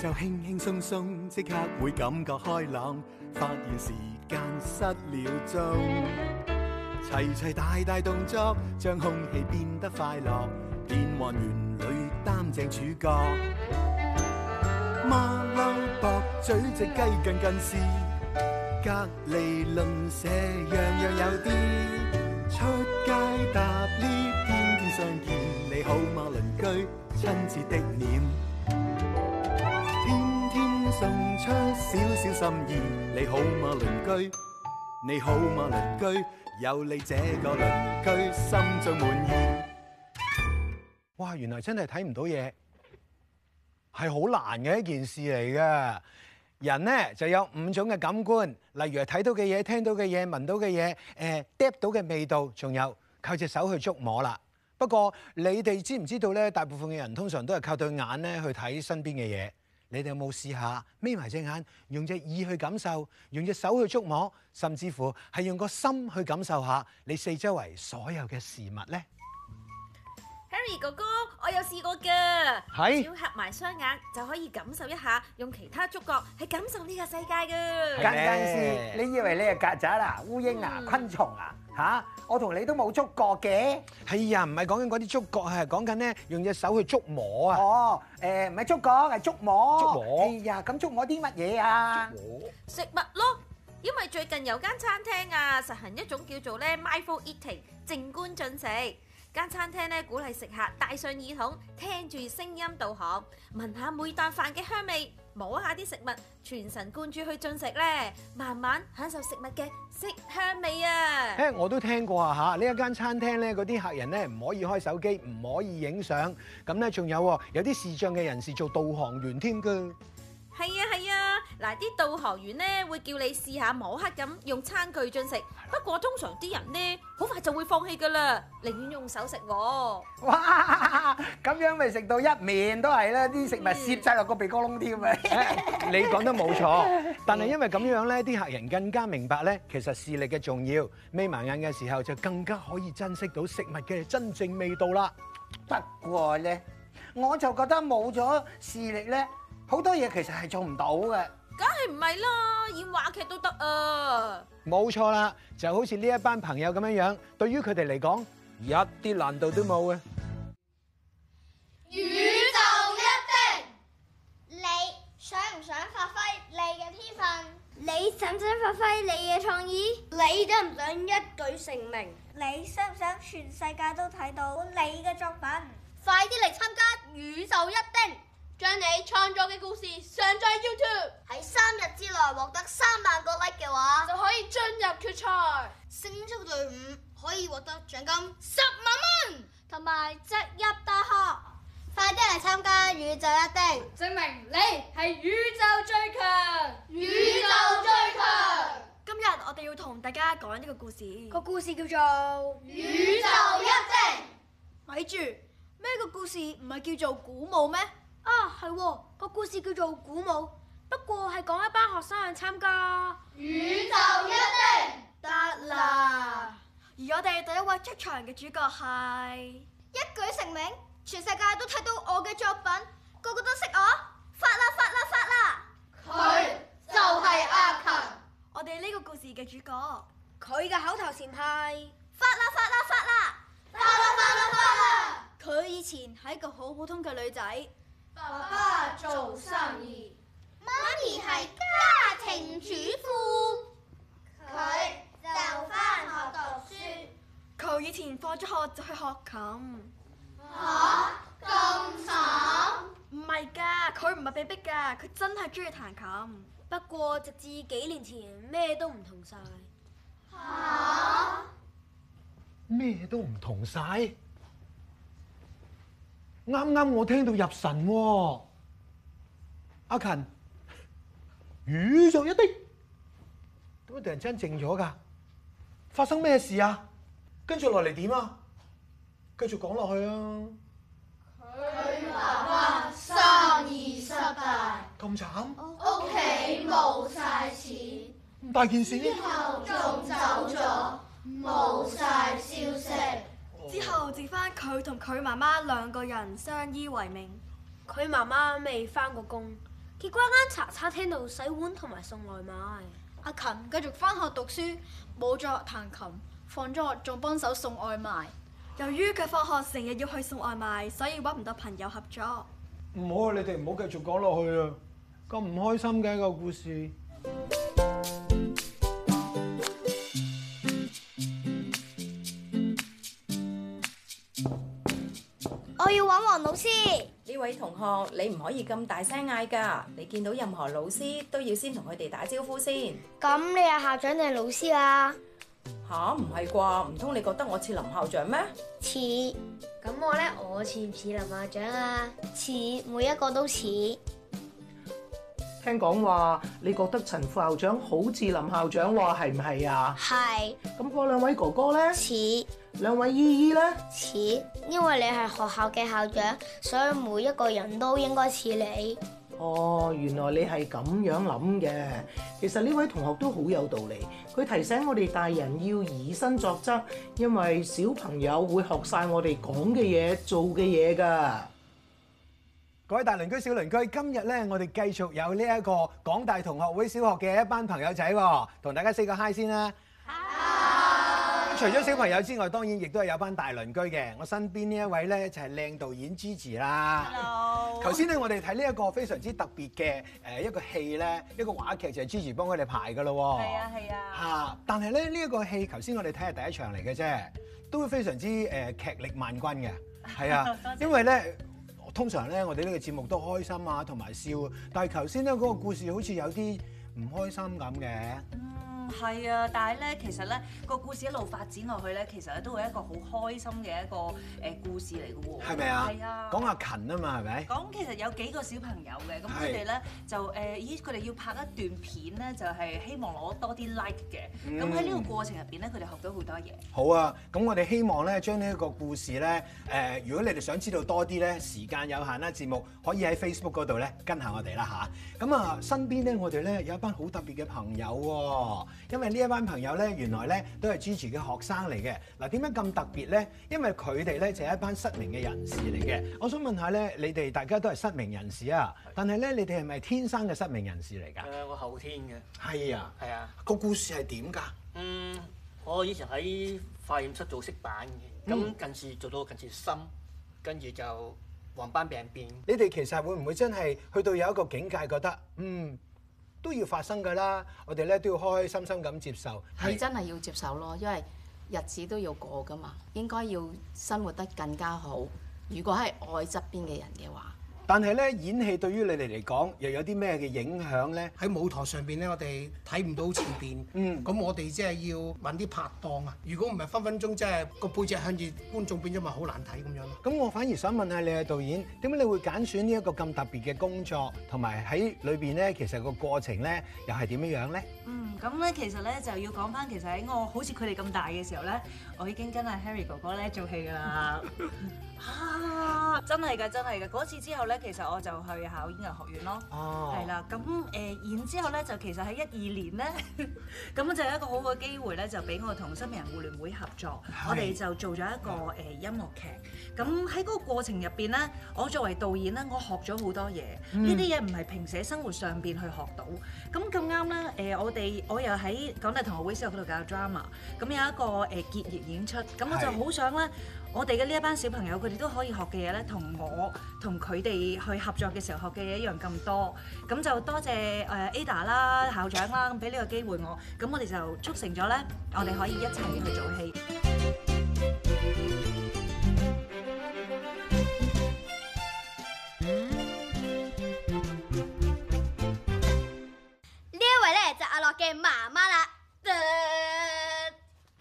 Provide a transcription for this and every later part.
就輕輕鬆鬆，即刻會感覺開朗，發現時間失了蹤。齊齊大大動作，將空氣變得快樂，變幻園裏擔正主角。孖騮駁咀隻雞近近視，隔籬鄰舍樣樣有啲。出街搭 𨋢 天天相見，你好嗎，鄰 居？親切的臉。送出少少心意，你好嗎鄰居？你好嗎鄰居？有你這個鄰居，心中滿意。哇，原來真係睇唔到嘢，係好難嘅一件事嚟㗎。人咧就有五種嘅感官，例如係睇到嘅嘢、聽到嘅嘢、聞到嘅嘢、誒，嗒到嘅味道，仲有靠隻手去觸摸啦。不過你哋知唔知道咧？大部分嘅人通常都係靠對眼咧去睇身邊嘅嘢。你哋有冇試下眯埋隻眼，用隻耳去感受，用隻手去觸摸，甚至乎係用個心去感受下你四周圍所有嘅事物呢？Harry 哥哥，我有試過噶，只要合埋雙眼就可以感受一下，用其他觸覺去感受呢個世界噶。間事，你以為你係曱甴啊、烏蠅啊、昆蟲啊？吓，我同你都冇觸覺嘅。係啊，唔係講緊嗰啲觸覺，係講緊咧用隻手去觸摸啊。哦，誒，唔係觸覺，係觸摸。觸摸。哎呀，咁觸摸啲乜嘢啊？食物咯，因為最近有間餐廳啊，實行一種叫做咧 mindful eating，靜觀進食。間餐廳咧鼓勵食客帶上耳筒，聽住聲音導航，聞下每啖飯嘅香味，摸下啲食物，全神貫注去進食咧，慢慢享受食物嘅色香味啊！誒，我都聽過啊吓，呢一間餐廳咧，嗰啲客人咧唔可以開手機，唔可以影相，咁咧仲有有啲視障嘅人士做導航員添噶。係啊係。嗱，啲導航員咧會叫你試下摸黑咁用餐具進食，不過通常啲人咧好快就會放棄噶啦，寧願用手食喎。哇，咁樣咪食到一面都係啦，啲食物攝晒落個鼻哥窿添啊！你講得冇錯，但係因為咁樣咧，啲客人更加明白咧，其實視力嘅重要，眯埋眼嘅時候就更加可以珍惜到食物嘅真正味道啦。不過咧，我就覺得冇咗視力咧，好多嘢其實係做唔到嘅。梗係唔係啦，演話劇都得啊！冇錯啦，就好似呢一班朋友咁樣樣，對於佢哋嚟講，一啲難度都冇啊。宇宙一叮，你想唔想發揮你嘅天分？你想唔想發揮你嘅創意？你想唔想一舉成名？你想唔想全世界都睇到你嘅作品？快啲嚟參加宇宙一叮！將你創作嘅故事上載 YouTube，喺三日之內獲得三萬個 like 嘅話，就可以進入決賽，勝出隊伍可以獲得獎金十萬蚊，同埋進一大學。快啲嚟參加宇宙一叮，證明你係宇宙最強！宇宙最強！今日我哋要同大家講一個故事，個故事叫做《宇宙一叮》。咪住，咩個故事唔係叫做古墓咩？啊，係喎，個故事叫做鼓舞，不過係講一班學生去參加，宇宙一叮得啦了。而我哋第一位出場嘅主角係一舉成名，全世界都睇到我嘅作品，個個都識我。發啦發啦發啦！佢就係阿琴，我哋呢個故事嘅主角。佢嘅口頭禪係發啦發啦發啦。發啦發啦發啦！佢以前係一個好普通嘅女仔。爸爸做生意，媽咪係家庭主婦，佢就返學讀書。佢以前放咗學就去學琴。吓？咁慘。唔係噶，佢唔係被逼噶，佢真係中意彈琴。不過直至幾年前咩都唔同晒。吓、啊？咩都唔同晒？啱啱我聽到入神喎、啊，阿勤語速一啲，點解突然間靜咗噶？發生咩事啊？跟住落嚟點啊？繼續講落去啊！佢爸爸生意失敗。咁慘，屋企冇晒錢。大件事，之後仲走咗，冇晒消息。之後剩翻佢同佢媽媽兩個人相依為命，佢媽媽未翻過工，結果間茶餐廳度洗碗同埋送外賣。阿琴繼續翻學讀書，冇咗彈琴，放咗學仲幫手送外賣。由於佢放學成日要去送外賣，所以搵唔到朋友合作。唔好啊，你哋唔好繼續講落去啊！咁唔開心嘅一個故事。老師，呢位同學你唔可以咁大聲嗌噶，你見到任何老師都要先同佢哋打招呼先。咁你係校長定係老師啊？吓？唔係啩？唔通你覺得我似林校長咩？似。咁我呢，我似唔似林校長啊？似，每一個都似。聽講話，你覺得陳副校長好似林校長喎，係唔係啊？係是。咁嗰兩位哥哥呢？似像。兩位姨姨呢？似。因為你係學校嘅校長，所以每一個人都應該似你。哦，原來你係咁樣諗嘅。其實呢位同學都好有道理，佢提醒我哋大人要以身作則，因為小朋友會學晒我哋講嘅嘢、做嘅嘢噶。各位大鄰居、小鄰居，今日咧，我哋繼續有呢一個廣大同學會小學嘅一班朋友仔、哦，同大家四 a y 個 h 先啦。好 Hi.、啊。除咗小朋友之外，當然亦都係有班大鄰居嘅。我身邊呢一位咧就係、是、靚導演 Gigi 啦。Hello。頭先咧，我哋睇呢一個非常之特別嘅誒一個戲咧，一個話劇就係、是、Gigi 幫佢哋排噶咯。係啊，係啊。嚇、啊！但係咧，呢、這、一個戲頭先我哋睇係第一場嚟嘅啫，都非常之誒、呃、劇力萬軍嘅。係啊，因為咧。 通常咧，我哋呢個節目都開心啊，同埋笑。但係頭先咧，嗰個故事好似有啲唔開心噉嘅。係啊，但係咧，其實咧，這個故事一路發展落去咧，其實咧都係一個好開心嘅一個誒故事嚟嘅喎。係咪吧啊？係啊，講阿勤啊嘛，係咪？講其實有幾個小朋友嘅，咁佢哋咧就誒，咦佢哋要拍一段片咧，就係、是、希望攞多啲 like 嘅。咁喺呢個過程入邊咧，佢哋學咗好多嘢。好啊，咁我哋希望咧將呢一個故事咧，誒，呃，如果你哋想知道多啲咧，時間有限啦，節目可以喺 Facebook 嗰度咧跟下我哋啦吓。咁啊，啊，身邊咧我哋咧有一班好特別嘅朋友，哦。因為呢一班朋友咧，原來咧都係支持嘅學生嚟嘅。嗱、啊，點解咁特別咧？因為佢哋咧就係、是、一班失明嘅人士嚟嘅。我想問下咧，你哋大家都係失明人士啊？的但係咧，你哋係咪天生嘅失明人士嚟㗎、呃？我後天嘅。係啊。係啊、嗯。個故事係點㗎？嗯，我以前喺化驗室做色板嘅，咁近視做到近視深，跟住就黃斑病變。嗯、你哋其實會唔會真係去到有一個境界，覺得嗯？都要發生㗎啦！我哋咧都要開開心心咁接受。是你真係要接受咯，因為日子都要過㗎嘛，應該要生活得更加好。如果係愛側邊嘅人嘅話。但係咧，演戲對於你哋嚟講又有啲咩嘅影響咧？喺舞台上邊咧，我哋睇唔到前邊。嗯，咁我哋即係要揾啲拍檔啊！如果唔係分分鐘即係個背脊向住觀眾變，變咗咪好難睇咁樣咯。咁我反而想問下你啊，導演，點解你會揀選呢一個咁特別嘅工作？同埋喺裏邊咧，其實個過程咧又係點樣樣咧？嗯，咁咧其實咧就要講返，其實喺我好似佢哋咁大嘅時候咧，我已經跟阿 Harry 哥哥咧做戲㗎啦。 啊，真係㗎，真係㗎！嗰次之後咧～其實我就去考演藝學院咯，係啦、哦，咁誒然之後咧，就其實喺一二年咧，咁 就有一個好嘅機會咧，就俾我同失明人互聯會合作，是我哋就做咗一個誒、呃、音樂劇。咁喺嗰個過程入邊咧，我作為導演咧，我學咗好多嘢，呢啲嘢唔係平時喺生活上邊去學到。咁咁啱咧，誒我哋我又喺港大同學會嗰度教 drama，咁有一個誒、呃、結業演出，咁我就好想咧，我哋嘅呢一班小朋友佢哋都可以學嘅嘢咧，同我同佢哋去合作嘅時候學嘅嘢一樣咁多，咁就多謝誒 Ada 啦、校長啦，俾呢個機會我，咁我哋就促成咗咧，我哋可以一齊去做戲。呢位咧就阿樂嘅媽媽啦，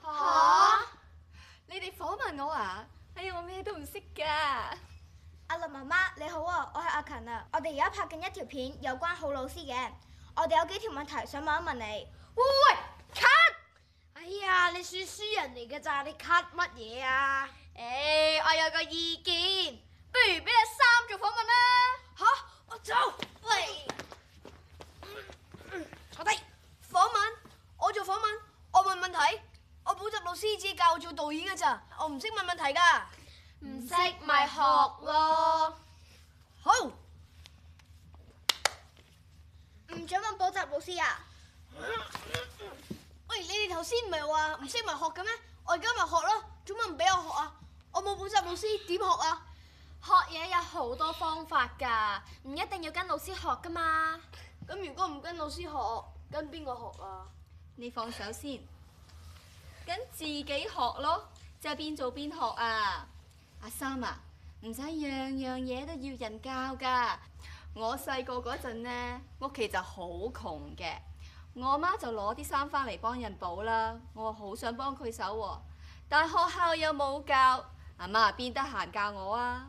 吓？你哋訪問我啊？哎呀，我咩都唔識㗎。阿林媽媽你好啊，我係阿勤啊，我哋而家拍緊一條片，有關好老師嘅。我哋有幾條問題想問一問你。喂喂，cut！哎呀，你算輸人嚟㗎咋，你 cut 乜嘢啊？誒、哎，我有個意見，不如俾你三做訪問啦。吓、啊，我走。喂，坐低。訪問，我做訪問，我問問題，我補習老師只教做導演㗎咋，我唔識問問題噶。識咪學咯。好，唔想問補習老師啊？喂，你哋頭先唔係話唔識咪學嘅咩？我而家咪學咯，做乜唔俾我學啊？我冇補習老師點學啊？學嘢有好多方法噶，唔一定要跟老師學噶嘛。咁如果唔跟老師學，跟邊個學啊？你放手先，跟自己學咯，即係邊做邊學啊。阿三啊，唔使樣樣嘢都要人教㗎。我細個嗰陣呢，屋企就好窮嘅，我媽就攞啲衫返嚟幫人補啦。我好想幫佢手，但學校又冇教，阿媽邊得閒教我啊？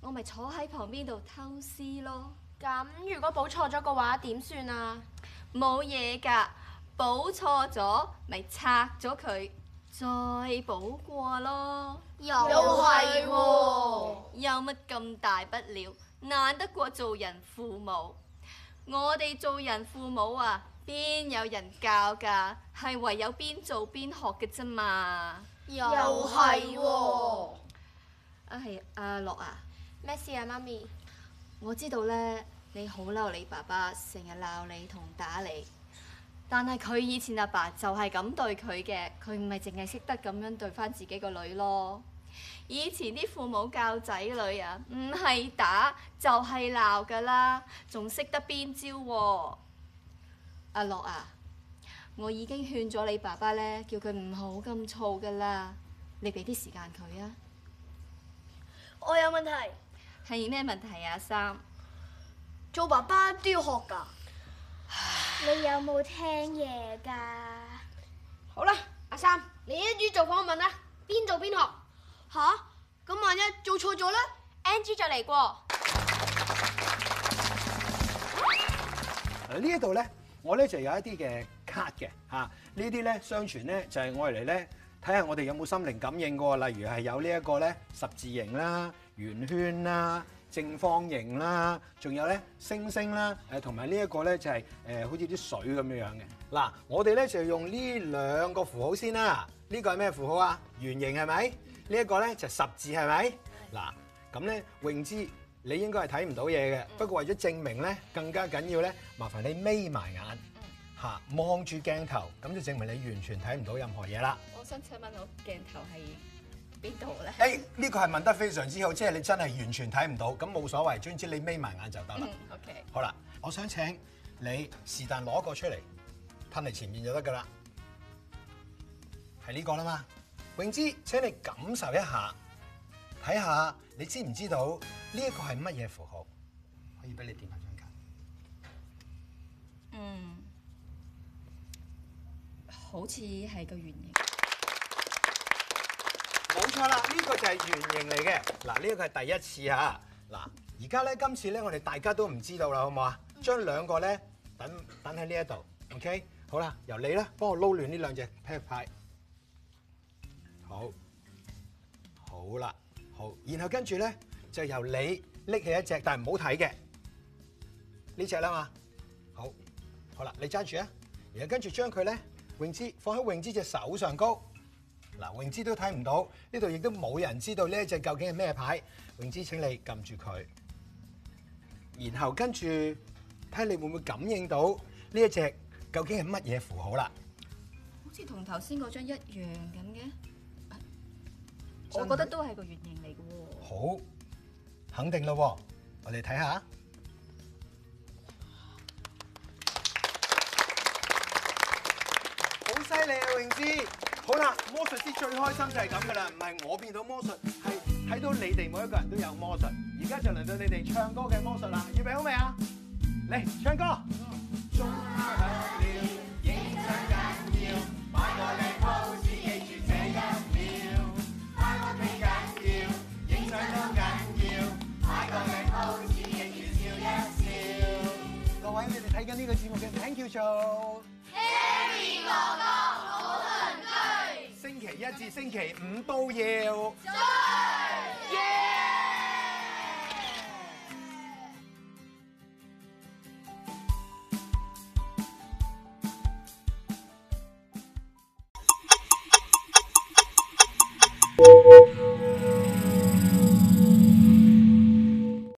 我咪坐喺旁邊度偷師咯。咁如果補錯咗嘅話點算啊？冇嘢㗎，補錯咗咪拆咗佢。再補過咯，又係喎、哦，有乜咁大不了？難得過做人父母，我哋做人父母啊，邊有人教噶？係唯有邊做邊學嘅啫嘛，又係喎、哦。哎，阿樂啊，咩、啊啊、事啊，媽咪？我知道咧，你好嬲你爸爸成日鬧你同打你。但係佢以前阿爸就係咁對佢嘅，佢唔係淨係識得咁樣對翻自己個女咯。以前啲父母教仔女啊，唔係打就係鬧噶啦，仲識得邊招？阿樂啊，我已經勸咗你爸爸咧，叫佢唔好咁燥噶啦，你俾啲時間佢啊。我有問題，係咩問題啊？三做爸爸都要學噶。你有冇聽嘢噶？好啦，阿三，你一於做訪問啦，邊做邊學吓。咁萬一做錯咗咧，N G 就嚟過。呢一度咧，我咧就有一啲嘅卡嘅吓，呢啲咧相傳咧就係我嚟咧，睇下我哋有冇心靈感應噶，例如係有呢一個咧十字形啦、圓圈啦。正方形啦，仲有咧星星啦，誒同埋呢一個咧就係誒好似啲水咁樣樣嘅。嗱，我哋咧就用呢兩個符號先啦。呢、呢個係咩符號啊？圓形係咪？是是嗯、呢一個咧就係、十字係咪？嗱，咁咧泳姿你應該係睇唔到嘢嘅。嗯、不過為咗證明咧更加緊要咧，麻煩你眯埋眼吓，望住、嗯、鏡頭，咁就證明你完全睇唔到任何嘢啦。我想請問我鏡頭係邊度咧？誒，呢、hey, 個係問得非常之好，即係你真係完全睇唔到，咁冇所謂。總之你眯埋眼就得啦。O K、嗯。Okay. 好啦，我想請你是但攞個出嚟，噴嚟前面就得噶啦。係呢個啦嘛，榮之請你感受一下，睇下你知唔知道呢一個係乜嘢符號？可以俾你點埋張卡。嗯，好似係個圓形。冇錯啦，呢個就係圓形嚟嘅。嗱，呢一個係第一次吓。嗱，而家咧今次咧，我哋大家都唔知道啦，好唔好啊？將兩個咧，等等喺呢一度，OK。好啦，由你啦，幫我撈亂呢兩隻啤牌。好，好啦，好。然後跟住咧，就由你拎起一隻，但係唔好睇嘅呢隻啦嘛。好，好啦，你揸住啊。然後跟住將佢咧泳姿放喺泳姿隻手上高。嗱，泳姿都睇唔到，呢度亦都冇人知道呢一隻究竟係咩牌。泳姿請你撳住佢，然後跟住睇你會唔會感應到呢一隻究竟係乜嘢符號啦？好似同頭先嗰張一樣咁嘅，啊，我覺得都係個圓形嚟嘅喎。好，肯定啦，我哋睇下，好犀利啊，泳姿。好啦，魔術師最開心就係咁噶啦，唔係我變到魔術，係睇到你哋每一個人都有魔術。而家就輪到你哋唱歌嘅魔術啦，預備好未啊？嚟唱歌。期一至星期五都要。